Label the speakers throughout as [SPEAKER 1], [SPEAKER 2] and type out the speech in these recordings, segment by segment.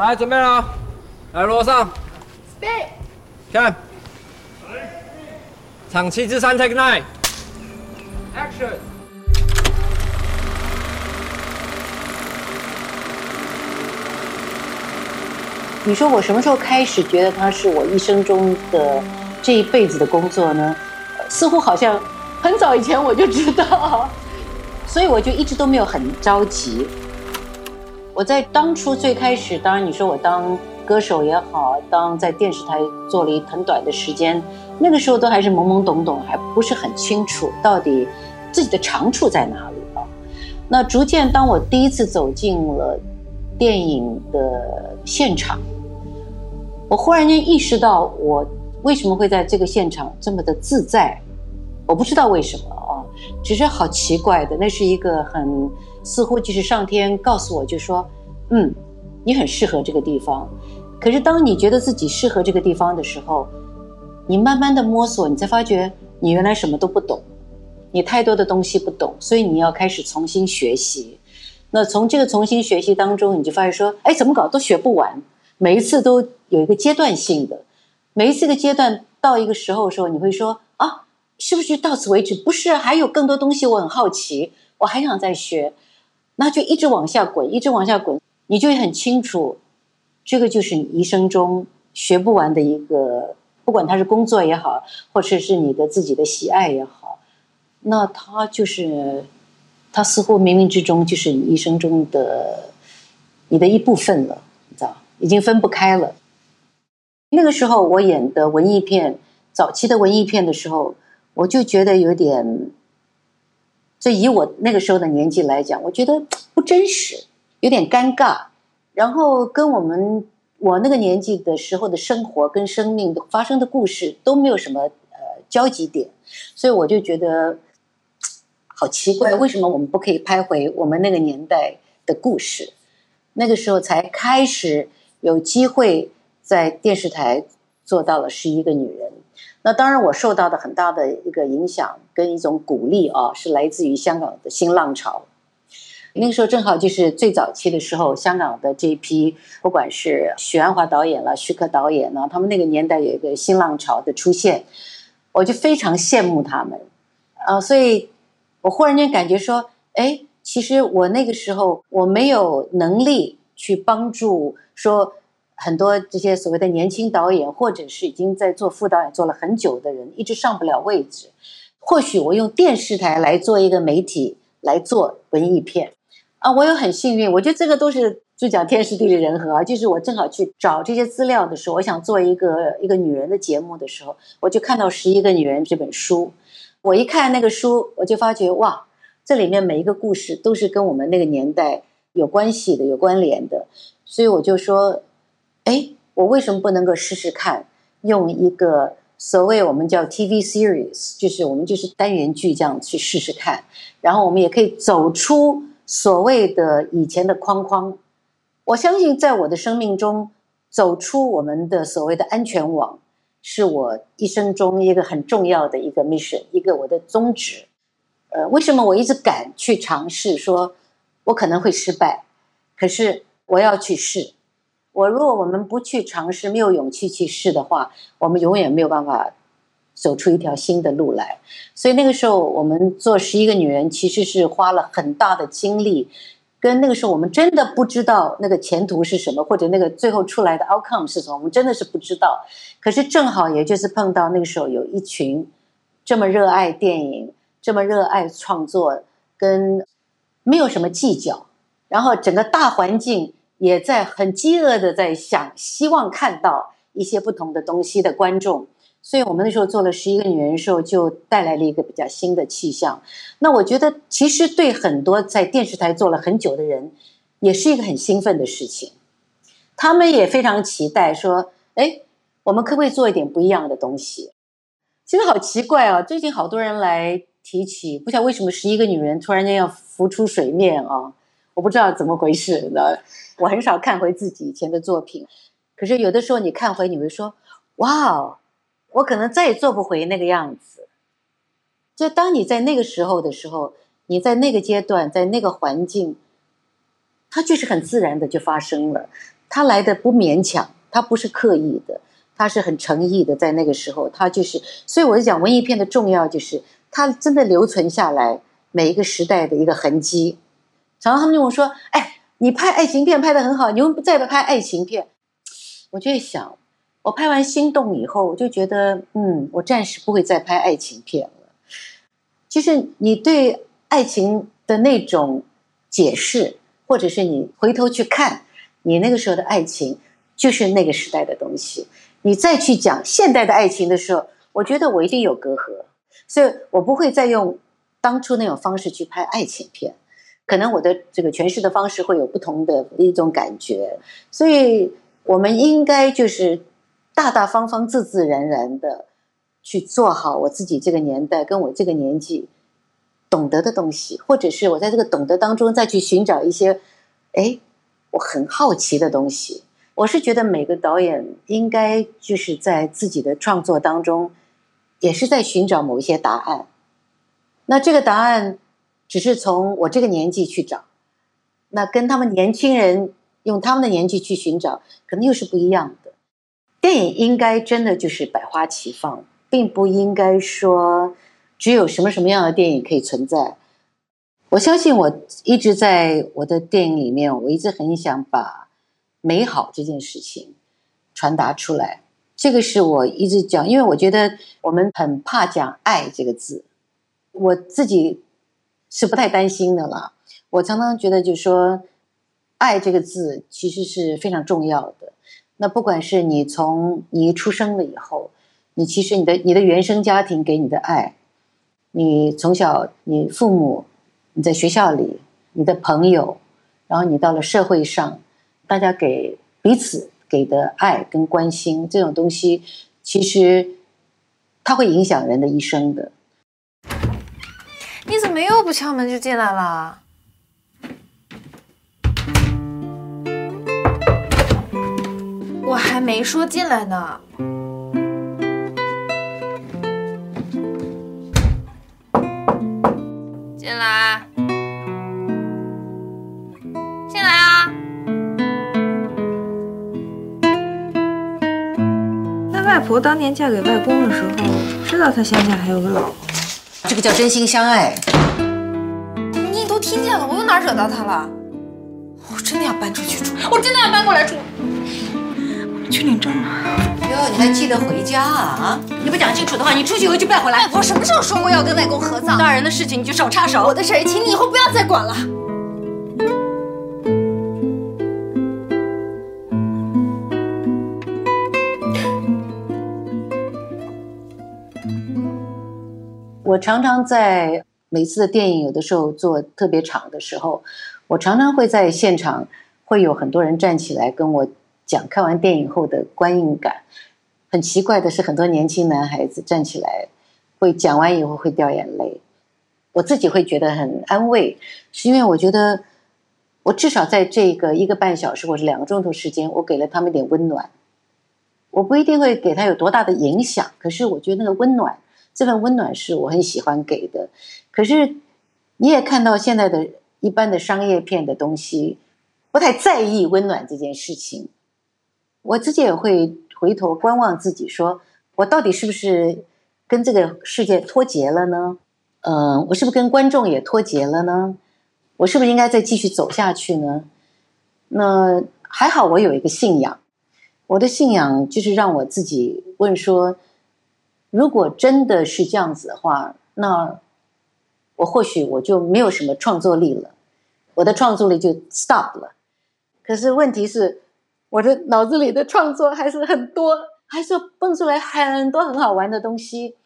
[SPEAKER 1] 來，準備了哦，來，羅尚，對，看，場七之三，take nine，action。你說我什麼時候開始覺得它是我一生中的這一輩子的工作呢？呃，似乎好像很早以前我就知道，所以我就一直都沒有很着急。我在當初最開始，當然你說我當歌手也好，當在電視台做了一很短的時間，那個時候都還是懵懵懂懂，還不是很清楚到底自己的長處在哪裡啊。那逐漸，當我第一次走進了電影的現場，我忽然間意識到，我為什麼會在這個現場這麼的自在？我不知道為什麼啊，只是好奇怪的。那是一個很，似乎就是上天告訴我就說。嗯，你很適合這個地方，可是當你覺得自己適合這個地方的時候，你慢慢的摸索，你才發覺你原來什麼都不懂，你太多的東西不懂，所以你要開始重新學習。那從這個重新學習當中，你就發現說，哎，怎麼搞都學不完，每一次都有一個階段性的，每一次的階段到一個時候的時候，你會說啊，是不是到此為止？不是，還有更多東西，我很好奇，我還想再學，那就一直往下滾，一直往下滾。你就會很清楚，這個就是你一生中學不完的一個，不管他是工作也好，或者是你的自己的喜愛也好，那他就是，他似乎冥冥之中就是你一生中的，你的一部分了，你知道，已經分不開了。那個時候我演的文藝片，早期的文藝片的時候，我就覺得有點，所以，以我那個時候的年紀來講，我覺得不真實，有點尷尬，然後跟我們我那個年紀的時候的生活跟生命發生的故事都沒有什麼呃交集點，所以我就覺得好奇怪，為什麼我們不可以拍回我們那個年代的故事？那個時候才開始有機會在電視台做到了十一個女人。那當然，我受到的很大的一個影響跟一種鼓勵啊，是來自於香港的新浪潮。那個時候正好就是最早期的時候，香港的這一批，不管是許鞍華導演了、啊、徐克導演啦、啊，他們那個年代有一個新浪潮的出現，我就非常羨慕他們，啊，所以我忽然間感覺說，哎，其實我那個時候我沒有能力去幫助說很多這些所謂的年輕導演，或者是已經在做副導演做了很久的人，一直上不了位置。或許我用電視台來做一個媒體，來做文藝片。啊，我也很幸運。我覺得這個都是就講天時地利人和啊，就是我正好去找這些資料的時候，我想做一個一個女人的節目的時候，我就看到《十一個女人》這本書。我一看那個書，我就發覺哇，這裡面每一個故事都是跟我們那個年代有關係的、有關聯的。所以我就說，哎，我為什麼不能夠試試看用一個所謂我們叫 TV series，就是我們就是單元劇這樣去試試看，然後我們也可以走出。所謂的以前的框框，我相信在我的生命中，走出我們的所謂的安全網，是我一生中一個很重要的一個 mission，一個我的宗旨。呃，為什麼我一直敢去嘗試說，說我可能會失敗，可是我要去試。我如果我們不去嘗試，沒有勇氣去試的話，我們永遠沒有辦法。走出一條新的路來，所以那個時候我們做十一個女人，其實是花了很大的精力。跟，那個時候我們真的不知道那個前途是什麼，或者那個最後出來的 outcome 是什麼，我們真的是不知道。可是正好也就是碰到那個時候，有一群這麼熱愛電影、這麼熱愛創作，跟沒有什麼計較，然後整個大環境也在很飢餓的在想，希望看到一些不同的東西的觀眾。所以我們那時候做了十一個女人的時候就帶來了一個比較新的氣象。那我覺得，其實對很多在電視台做了很久的人，也是一個很興奮的事情。他們也非常期待說：“哎，我們可不可以做一點不一樣的東西？”其實好奇怪啊，最近好多人來提起，不曉得為什麼十一個女人突然間要浮出水面啊？我不知道怎麼回事呢。我很少看回自己以前的作品，可是有的時候你看回，你會說：“哇哦！”我可能再也做不回那個樣子。就當你在那個時候的時候，你在那個階段，在那個環境，它就是很自然的就發生了，它來的不勉強，它不是刻意的，它是很誠意的。在那個時候，它就是。所以我就講文藝片的重要，就是它真的留存下來每一個時代的一個痕跡。然後他們就問我說：“哎，你拍愛情片拍得很好，你又再不拍愛情片，我就想。”我拍完《心動》以後，我就覺得，嗯，我暫時不會再拍愛情片了。其實，你對愛情的那種解釋，或者是你回頭去看你那個時候的愛情，就是那個時代的東西。你再去講現代的愛情的時候，我覺得我一定有隔閡，所以我不會再用當初那種方式去拍愛情片。可能我的這個詮釋的方式會有不同的一種感覺，所以我們應該就是。大大方方、自自然然的去做好我自己這個年代跟我這個年紀懂得的東西，或者是我在這個懂得當中再去尋找一些，哎，我很好奇的東西。我是覺得每個導演應該就是在自己的創作當中，也是在尋找某一些答案。那這個答案只是從我這個年紀去找，那跟他們年輕人用他們的年紀去尋找，可能又是不一樣的。電影應該真的就是百花齊放，並不應該說只有什麼什麼樣的電影可以存在。我相信我一直在我的電影裡面，我一直很想把美好這件事情傳達出來。這個是我一直講，因為我覺得我們很怕講“愛”這個字，我自己是不太擔心的了。我常常覺得，就是說“愛”這個字其實是非常重要的。那不管是你從你出生了以後，你其實你的你的原生家庭給你的愛，你從小你父母，你在學校裡你的朋友，然後你到了社會上，大家給彼此給的愛跟關心這種東西，其實它會影響人的一生的。你怎麼又不敲門就進來了？沒說進來呢，進來，進來啊！那外婆當年嫁給外公的時候，知道他鄉下還有個老婆，這個叫真心相愛。你都聽見了，我又哪兒惹到他了？我真的要搬出去住，我真的要搬過來住。去領證了。喲、啊，你還記得回家啊？啊，你不講清楚的話，你出去以後就別回來。外婆什麼時候說過要跟外公合葬？大人的事情你就少插手。我的事也請你以後不要再管了。嗯、我常常在每次的電影，有的時候做特別場的時候，我常常會在現場，會有很多人站起來跟我。講看完電影後的觀影感，很奇怪的是，很多年輕男孩子站起來會講完以後會掉眼淚，我自己會覺得很安慰，是因為我覺得我至少在這個一個半小時或者兩個鐘頭時間，我給了他們一點溫暖。我不一定會給他有多大的影響，可是我覺得那個溫暖，這份溫暖是我很喜歡給的。可是你也看到現在的一般的商業片的東西，不太在意溫暖這件事情。我自己也會回頭觀望自己說，說我到底是不是跟這個世界脫節了呢？嗯、呃，我是不是跟觀眾也脫節了呢？我是不是應該再繼續走下去呢？那還好，我有一個信仰。我的信仰就是讓我自己問說：如果真的是這樣子的話，那我或許我就沒有什麼創作力了，我的創作力就 stop 了。可是問題是。我的腦子裡的創作還是很多，還是蹦出來很多很好玩的東西，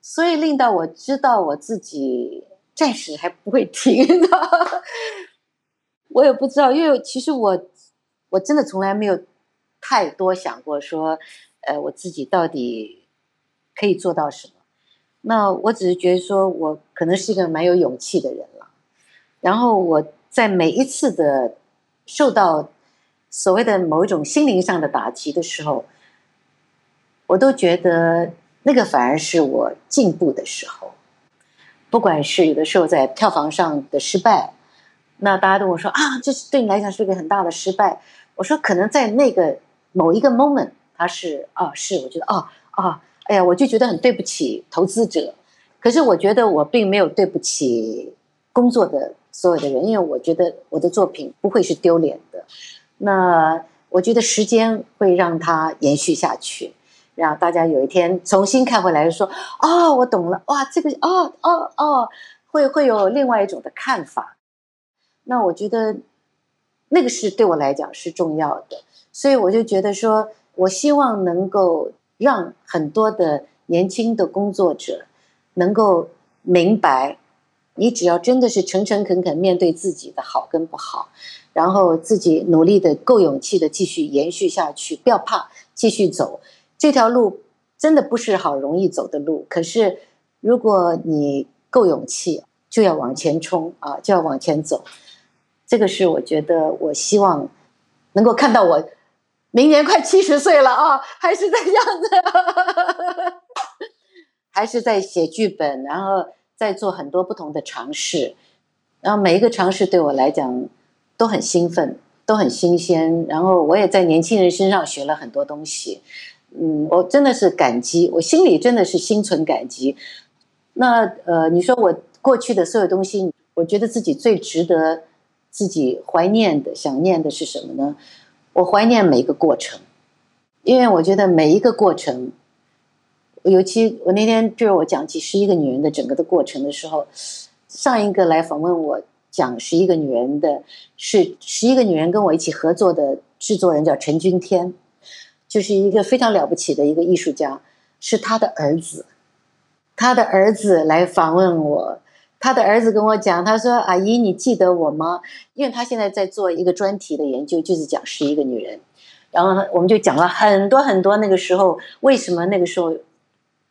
[SPEAKER 1] 所以令到我知道我自己暫時還不會停的。我也不知道，因為其實我我真的從來沒有太多想過說，呃，我自己到底可以做到什麼。那我只是覺得說我可能是一個蠻有勇氣的人了。然後我在每一次的受到。所謂的某一種心靈上的打擊的時候，我都覺得那個反而是我進步的時候。不管是有的時候在票房上的失敗，那大家都會說啊，這是對你來講是一個很大的失敗。我說可能在那個某一個 moment，他是啊、哦、是，我覺得啊啊、哦哦，哎呀，我就覺得很對不起投資者。可是我覺得我並沒有對不起工作的所有的人，因為我覺得我的作品不會是丟臉的。那我覺得時間會讓它延續下去，讓大家有一天重新看回來說：“啊、哦，我懂了，哇，這個哦哦哦，會會有另外一種的看法。”那我覺得那個是對我來講是重要的，所以我就覺得說，我希望能夠讓很多的年輕的工作者能夠明白，你只要真的是誠誠懇懇面對自己的好跟不好。然後自己努力的，夠勇氣的，繼續延續下去，不要怕，繼續走這條路，真的不是好容易走的路。可是如果你夠勇氣，就要往前衝啊，就要往前走。這個是我覺得，我希望能夠看到我明年快七十歲了啊，還是在這樣子， 還是在寫劇本，然後在做很多不同的嘗試。然後每一個嘗試對我來講，都很興奮，都很新鮮。然後我也在年輕人身上學了很多東西。嗯，我真的是感激，我心裡真的是心存感激。那呃，你說我過去的所有東西，我覺得自己最值得自己懷念的、想念的是什麼呢？我懷念每一個過程，因為我覺得每一個過程，尤其我那天就是我講幾十一個女人的整個的過程的時候，上一個來訪問我。講十一個女人的，是十一個女人跟我一起合作的製作人叫陳君天，就是一個非常了不起的一個藝術家，是他的兒子，他的兒子來訪問我，他的兒子跟我講，他說：“阿姨，你記得我嗎？”因為他現在在做一個專題的研究，就是講十一個女人。然後我們就講了很多很多那個時候，為什麼那個時候，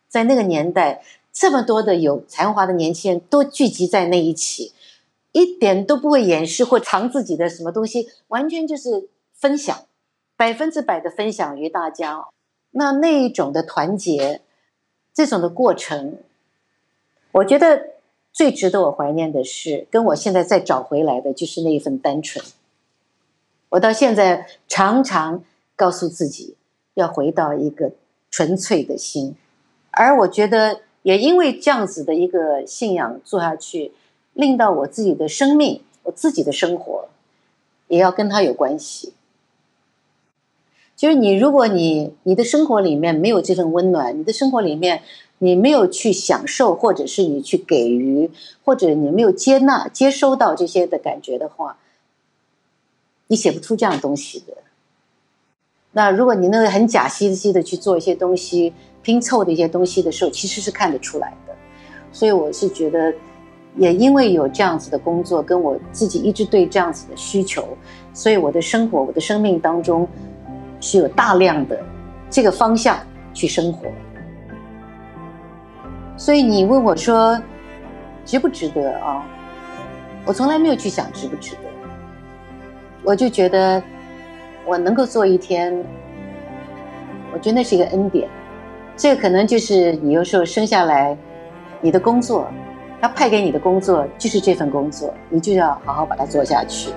[SPEAKER 1] 在那個年代這麼多的有才華的年輕人都聚集在那一起。一點都不會掩飾或藏自己的什麼東西，完全就是分享，百分之百的分享於大家。那那一種的團結，這種的過程，我覺得最值得我懷念的是，跟我現在再找回來的，就是那一份單純。我到現在常常告訴自己，要回到一個純粹的心，而我覺得也因為這樣子的一個信仰做下去。令到我自己的生命，我自己的生活，也要跟他有關係。就是你，如果你你的生活裡面沒有這份溫暖，你的生活裡面你沒有去享受，或者是你去給予，或者你沒有接納、接收到這些的感覺的話，你寫不出這樣東西的。那如果你那個很假兮兮的去做一些東西、拼湊的一些東西的時候，其實是看得出來的。所以我是覺得。也因為有這樣子的工作，跟我自己一直對這樣子的需求，所以我的生活，我的生命當中是有大量的這個方向去生活。所以你問我說，值不值得啊？哦？我從來沒有去想值不值得，我就覺得我能夠做一天，我覺得那是一個恩典。這個、可能就是你有時候生下來，你的工作。他派給你的工作就是這份工作，你就要好好把它做下去。